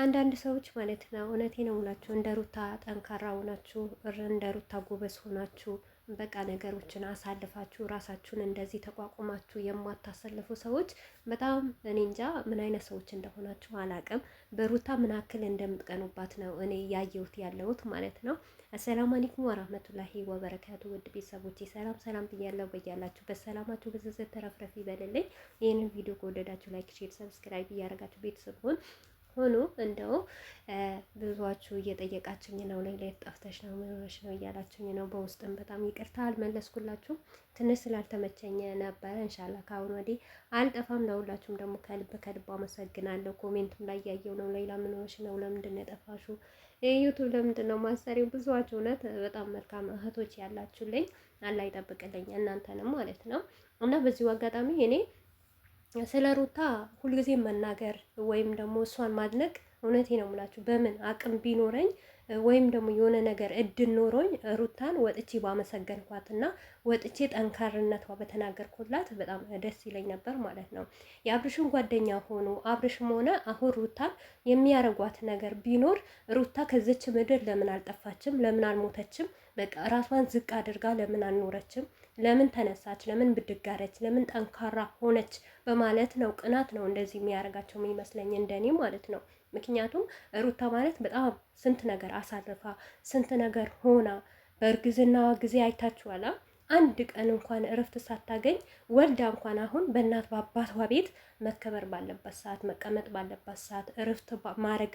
አንዳንድ ሰዎች ማለት ነው እውነቴ ነው ሙላችሁ እንደ ሩታ ጠንካራ ሆናችሁ እንደ ሩታ ጎበዝ ሆናችሁ በቃ ነገሮችን አሳልፋችሁ ራሳችሁን እንደዚህ ተቋቁማችሁ የማታሰልፉ ሰዎች በጣም እኔ እንጃ ምን አይነት ሰዎች እንደሆናችሁ አላቅም። በሩታ ምን አክል እንደምትቀኑባት ነው እኔ ያየሁት ያለሁት ማለት ነው። አሰላሙ አለይኩም ወራህመቱላሂ ወበረካቱ ውድ ቤተሰቦቼ ሰላም ሰላም ብያለሁ። በያላችሁ በሰላማችሁ ብዝዝ ተረፍረፍ ይበልልኝ። ይህንን ቪዲዮ ከወደዳችሁ ላይክ፣ ሼር፣ ሰብስክራይብ እያደረጋችሁ ቤተሰብ ሆን ሆኖ እንደው ብዙዎቹ እየጠየቃችኝ ነው፣ ሌሊት ጠፍተሽ ነው ምን ነው እያላችኝ ነው። በውስጥም በጣም ይቅርታ አልመለስኩላችሁም፣ ትንሽ ስላልተመቸኝ ነበረ። እንሻላ ከአሁን ወዲህ አልጠፋም። ለሁላችሁም ደግሞ ከልብ ከልብ አመሰግናለሁ። ኮሜንትም ላይ ያየው ነው ሌላ ምን ነው ለምንድን ነው የጠፋሽው ዩቱብ ለምንድን ነው ማሰሪው? ብዙዎቹ እውነት በጣም መልካም እህቶች ያላችሁልኝ፣ አላህ ይጠብቅልኝ እናንተንም ማለት ነው እና በዚሁ አጋጣሚ እኔ ስለ ሩታ ሁልጊዜ መናገር ወይም ደግሞ እሷን ማድነቅ እውነቴ ነው የምላችሁ። በምን አቅም ቢኖረኝ ወይም ደግሞ የሆነ ነገር እድል ኖሮኝ ሩታን ወጥቼ ባመሰገንኳት እና ወጥቼ ጠንካርነቷ በተናገርኩላት በጣም ደስ ይለኝ ነበር ማለት ነው። የአብርሽን ጓደኛ ሆኖ አብርሽም ሆነ አሁን ሩታን የሚያረጓት ነገር ቢኖር ሩታ ከዚች ምድር ለምን አልጠፋችም? ለምን አልሞተችም? በቃ ራሷን ዝቅ አድርጋ ለምን አልኖረችም? ለምን ተነሳች? ለምን ብድጋረች? ለምን ጠንካራ ሆነች? በማለት ነው። ቅናት ነው እንደዚህ የሚያደርጋቸው ይመስለኝ እንደኔ ማለት ነው። ምክንያቱም ሩታ ማለት በጣም ስንት ነገር አሳልፋ ስንት ነገር ሆና በእርግዝናዋ ጊዜ አይታችኋላ። አንድ ቀን እንኳን እረፍት ሳታገኝ ወልዳ እንኳን አሁን በእናት በአባቷ ቤት መከበር ባለበት ሰዓት፣ መቀመጥ ባለበት ሰዓት፣ እረፍት ማድረግ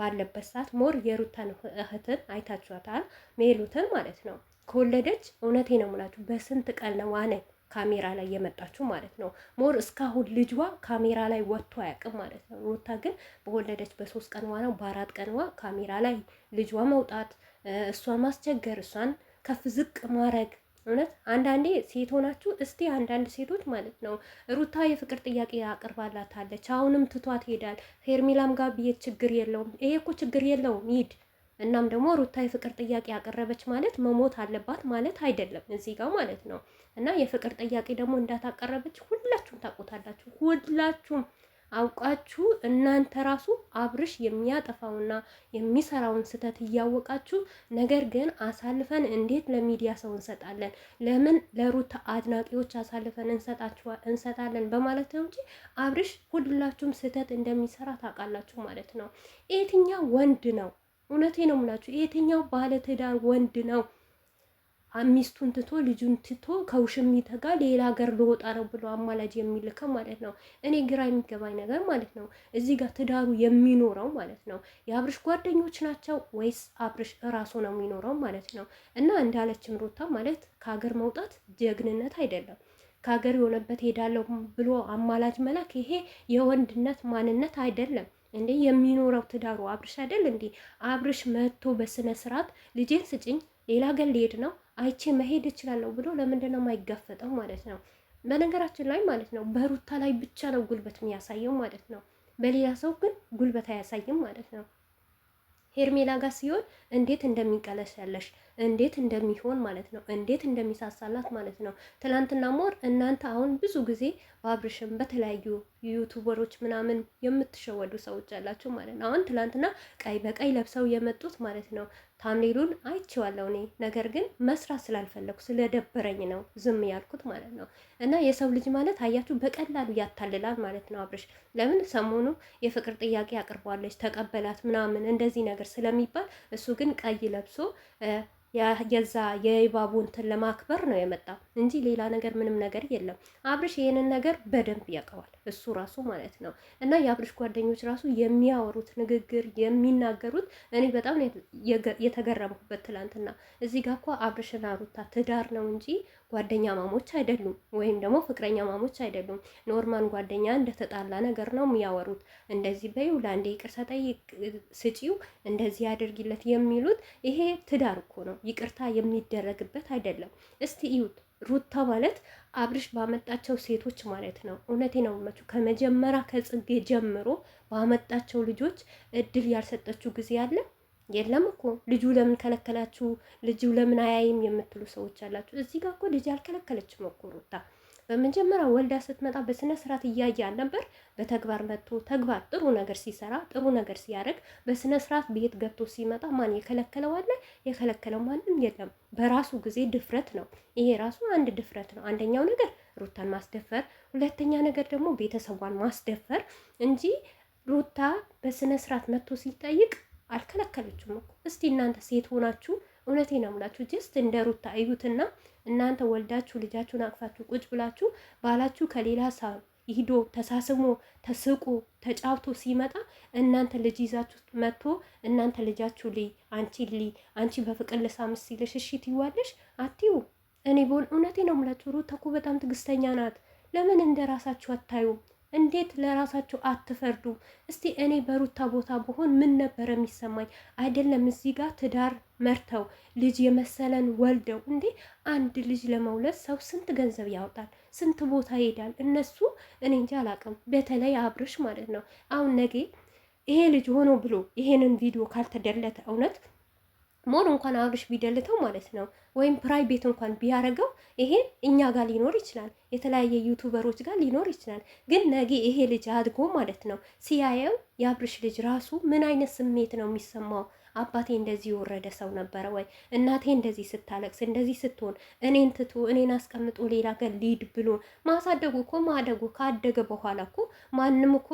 ባለበት ሰዓት ሞር የሩታን እህትን አይታችኋታል፣ ሜሉትን ማለት ነው። ከወለደች እውነቴ ነው ሙላችሁ በስንት ቀን ነው ዋነኝ ካሜራ ላይ የመጣችው ማለት ነው። ሞር እስካሁን ልጇ ካሜራ ላይ ወጥቶ አያውቅም ማለት ነው። ሩታ ግን በወለደች በሶስት ቀንዋ ነው በአራት ቀንዋ ካሜራ ላይ ልጇ መውጣት፣ እሷ ማስቸገር፣ እሷን ከፍ ዝቅ ማድረግ እውነት አንዳንዴ ሴት ሆናችሁ እስቲ አንዳንድ ሴቶች ማለት ነው ሩታ የፍቅር ጥያቄ አቅርባላታለች። አሁንም ትቷት ይሄዳል። ሄርሜላም ጋር ብዬ ችግር የለውም ይሄ እኮ ችግር የለውም ሂድ እናም ደግሞ ሩታ የፍቅር ጥያቄ ያቀረበች ማለት መሞት አለባት ማለት አይደለም እዚህ ጋር ማለት ነው። እና የፍቅር ጥያቄ ደግሞ እንዳታቀረበች ሁላችሁም ታውቁታላችሁ። ሁላችሁም አውቃችሁ እናንተ ራሱ አብርሽ የሚያጠፋውና የሚሰራውን ስህተት እያወቃችሁ ነገር ግን አሳልፈን እንዴት ለሚዲያ ሰው እንሰጣለን? ለምን ለሩታ አድናቂዎች አሳልፈን እንሰጣለን? በማለት ነው እንጂ አብርሽ ሁላችሁም ስህተት እንደሚሰራ ታውቃላችሁ ማለት ነው። የትኛው ወንድ ነው እውነቴ ነው የምላችሁ። የትኛው ባለትዳር ወንድ ነው ሚስቱን ትቶ ልጁን ትቶ ከውሽሚት ጋር ሌላ ሀገር ልወጣ ነው ብሎ አማላጅ የሚልከው ማለት ነው። እኔ ግራ የሚገባኝ ነገር ማለት ነው እዚህ ጋር ትዳሩ የሚኖረው ማለት ነው የአብርሽ ጓደኞች ናቸው ወይስ አብርሽ እራሱ ነው የሚኖረው ማለት ነው? እና እንዳለችም ሩታ ማለት ከሀገር መውጣት ጀግንነት አይደለም። ከሀገር የሆነበት ሄዳለው ብሎ አማላጅ መላክ ይሄ የወንድነት ማንነት አይደለም። እንዴ የሚኖረው ትዳሩ አብርሽ አይደል እንዴ? አብርሽ መጥቶ በስነ ስርዓት ልጄን ስጭኝ፣ ሌላ ገል ሊሄድ ነው አይቼ መሄድ እችላለሁ ብሎ ለምንድን ነው የማይጋፈጠው ማለት ነው? በነገራችን ላይ ማለት ነው በሩታ ላይ ብቻ ነው ጉልበት የሚያሳየው ማለት ነው። በሌላ ሰው ግን ጉልበት አያሳይም ማለት ነው። ሄርሜላ ጋር ሲሆን እንዴት እንደሚቀለሰለሽ እንዴት እንደሚሆን ማለት ነው፣ እንዴት እንደሚሳሳላት ማለት ነው። ትላንትና ሞር እናንተ አሁን ብዙ ጊዜ በአብርሽም በተለያዩ ዩቱበሮች ምናምን የምትሸወዱ ሰዎች አላችሁ ማለት ነው። አሁን ትላንትና ቀይ በቀይ ለብሰው የመጡት ማለት ነው ታምሌሉን አይቼዋለሁ እኔ ነገር ግን መስራት ስላልፈለግኩ ስለደበረኝ ነው ዝም ያልኩት ማለት ነው። እና የሰው ልጅ ማለት አያችሁ በቀላሉ ያታልላል ማለት ነው። አብርሽ ለምን ሰሞኑ የፍቅር ጥያቄ አቅርቧለች ተቀበላት ምናምን እንደዚህ ነገር ስለሚባል እሱ ግን ቀይ ለብሶ የዛ የይባቡ እንትን ለማክበር ነው የመጣው እንጂ ሌላ ነገር ምንም ነገር የለም። አብርሽ ይሄንን ነገር በደንብ ያውቀዋል እሱ ራሱ ማለት ነው። እና የአብርሽ ጓደኞች ራሱ የሚያወሩት ንግግር የሚናገሩት እኔ በጣም የተገረምኩበት ትላንትና፣ እዚህ ጋር እኮ አብርሽና ሩታ ትዳር ነው እንጂ ጓደኛ ማሞች አይደሉም፣ ወይም ደግሞ ፍቅረኛ ማሞች አይደሉም። ኖርማን ጓደኛ እንደተጣላ ነገር ነው የሚያወሩት። እንደዚህ በይው፣ ለአንዴ ይቅርታ ጠይቅ፣ ስጪው፣ እንደዚህ ያደርጊለት የሚሉት ይሄ ትዳር እኮ ነው። ይቅርታ የሚደረግበት አይደለም። እስቲ እዩት። ሩታ ማለት አብርሽ ባመጣቸው ሴቶች ማለት ነው። እውነቴ ነው መቹ ከመጀመሪያ ከጽጌ ጀምሮ ባመጣቸው ልጆች እድል ያልሰጠችው ጊዜ አለ የለም እኮ ልጁ ለምን ከለከላችሁ፣ ልጁ ለምን አያይም የምትሉ ሰዎች አላችሁ። እዚህ ጋር እኮ ልጅ አልከለከለችም እኮ ሩታ በመጀመሪያ ወልዳ ስትመጣ በስነ ስርዓት እያየ ነበር። በተግባር መጥቶ ተግባር ጥሩ ነገር ሲሰራ ጥሩ ነገር ሲያደርግ በስነ ስርዓት ቤት ገብቶ ሲመጣ ማን የከለከለው አለ? የከለከለው ማንም የለም። በራሱ ጊዜ ድፍረት ነው። ይሄ ራሱ አንድ ድፍረት ነው። አንደኛው ነገር ሩታን ማስደፈር፣ ሁለተኛ ነገር ደግሞ ቤተሰቧን ማስደፈር እንጂ ሩታ በስነ ስርዓት መጥቶ ሲጠይቅ አልከለከለችም እኮ። እስቲ እናንተ ሴት ሆናችሁ እውነቴ ነው የምላችሁ። ጀስት እንደ ሩታ እዩትና እናንተ ወልዳችሁ ልጃችሁን አቅፋችሁ ቁጭ ብላችሁ ባላችሁ ከሌላ ሳ ሂዶ ተሳስሞ ተስቆ ተጫውቶ ሲመጣ እናንተ ልጅ ይዛችሁ መጥቶ እናንተ ልጃችሁ ልይ አንቺ ልይ አንቺ በፍቅር ልሳምስ ሲልሽ እሺ ትይዋለሽ አትዩ። እኔ በሆን እውነቴ ነው ምላችሁ ሩታ እኮ በጣም ትግስተኛ ናት። ለምን እንደ ራሳችሁ አታዩም? እንዴት ለራሳችሁ አትፈርዱም? እስቲ እኔ በሩታ ቦታ በሆን ምን ነበረ የሚሰማኝ? አይደለም እዚህ ጋር ትዳር መርተው ልጅ የመሰለን ወልደው እንዴ አንድ ልጅ ለመውለድ ሰው ስንት ገንዘብ ያወጣል? ስንት ቦታ ይሄዳል? እነሱ እኔ እንጂ አላውቅም። በተለይ አብርሽ ማለት ነው። አሁን ነገ ይሄ ልጅ ሆኖ ብሎ ይሄንን ቪዲዮ ካልተደለተ እውነት ሞር እንኳን አብርሽ ቢደልተው ማለት ነው ወይም ፕራይቬት እንኳን ቢያደርገው ይሄ እኛ ጋር ሊኖር ይችላል፣ የተለያየ ዩቱበሮች ጋር ሊኖር ይችላል። ግን ነገ ይሄ ልጅ አድጎ ማለት ነው ሲያየው የአብርሽ ልጅ ራሱ ምን አይነት ስሜት ነው የሚሰማው? አባቴ እንደዚህ የወረደ ሰው ነበረ ወይ? እናቴ እንደዚህ ስታለቅስ፣ እንደዚህ ስትሆን እኔን ትቶ እኔን አስቀምጦ ሌላ ገር ሊድ ብሎ ማሳደጉ እኮ ማደጉ ካደገ በኋላ እኮ ማንም እኮ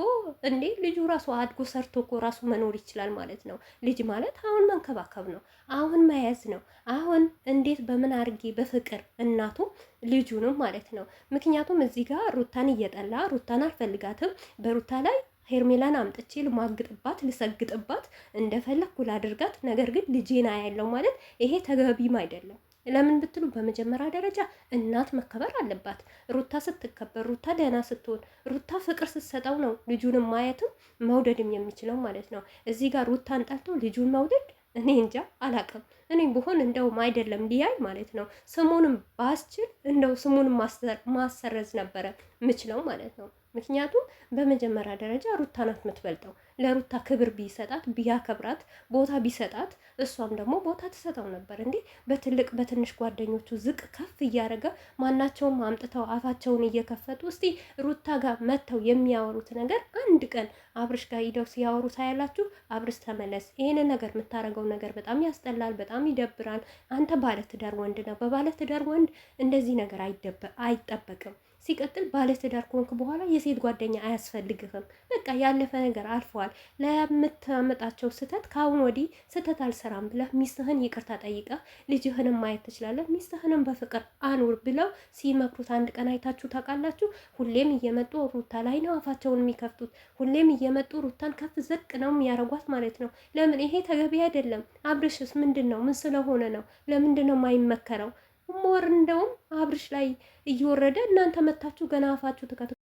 እንዴ ልጁ ራሱ አድጎ ሰርቶ እኮ ራሱ መኖር ይችላል ማለት ነው። ልጅ ማለት አሁን መንከባከብ ነው፣ አሁን መያዝ ነው። አሁን እንዴት በምን አድርጌ በፍቅር እናቱ ልጁንም ማለት ነው። ምክንያቱም እዚህ ጋር ሩታን እየጠላ ሩታን አልፈልጋትም በሩታ ላይ ሄርሜላን አምጥቼ ልማግጥባት ልሰግጥባት እንደፈለግኩ ላድርጋት፣ ነገር ግን ልጄና አያለው ማለት ይሄ ተገቢም አይደለም። ለምን ብትሉ በመጀመሪያ ደረጃ እናት መከበር አለባት። ሩታ ስትከበር፣ ሩታ ደህና ስትሆን፣ ሩታ ፍቅር ስትሰጠው ነው ልጁንም ማየትም መውደድም የሚችለው ማለት ነው። እዚህ ጋር ሩታን ጠልቶ ልጁን መውደድ እኔ እንጃ አላቅም። እኔ ብሆን እንደውም አይደለም ሊያይ ማለት ነው። ስሙንም ባስችል እንደው ስሙንም ማሰረዝ ነበረ ምችለው ማለት ነው። ምክንያቱም በመጀመሪያ ደረጃ ሩታ ናት የምትበልጠው። ለሩታ ክብር ቢሰጣት ቢያከብራት ቦታ ቢሰጣት እሷም ደግሞ ቦታ ትሰጠው ነበር እንዴ። በትልቅ በትንሽ ጓደኞቹ ዝቅ ከፍ እያደረገ ማናቸውም አምጥተው አፋቸውን እየከፈቱ እስቲ ሩታ ጋር መጥተው የሚያወሩት ነገር አንድ ቀን አብርሽ ጋር ሂደው ሲያወሩ ሳያላችሁ አብርሽ ተመለስ፣ ይሄንን ነገር የምታደርገው ነገር በጣም ያስጠላል፣ በጣም ይደብራል። አንተ ባለትዳር ወንድ ነው። በባለትዳር ወንድ እንደዚህ ነገር አይጠበቅም። ሲቀጥል ባለትዳር ከሆንክ በኋላ የሴት ጓደኛ አያስፈልግህም። በቃ ያለፈ ነገር አልፈዋል። ለምታመጣቸው ስህተት ከአሁን ወዲህ ስህተት አልሰራም ብለህ ሚስትህን ይቅርታ ጠይቀህ ልጅህንም ማየት ትችላለህ። ሚስትህንም በፍቅር አኑር ብለው ሲመክሩት አንድ ቀን አይታችሁ ታውቃላችሁ? ሁሌም እየመጡ ሩታ ላይ ነው አፋቸውን የሚከፍቱት። ሁሌም እየመጡ ሩታን ከፍ ዝቅ ነው የሚያረጓት ማለት ነው። ለምን ይሄ ተገቢ አይደለም። አብርሽስ ምንድን ነው? ምን ስለሆነ ነው? ለምንድን ነው የማይመከረው? ሞር እንደውም አብርሽ ላይ እየወረደ እናንተ መታችሁ ገና አፋችሁ ትከት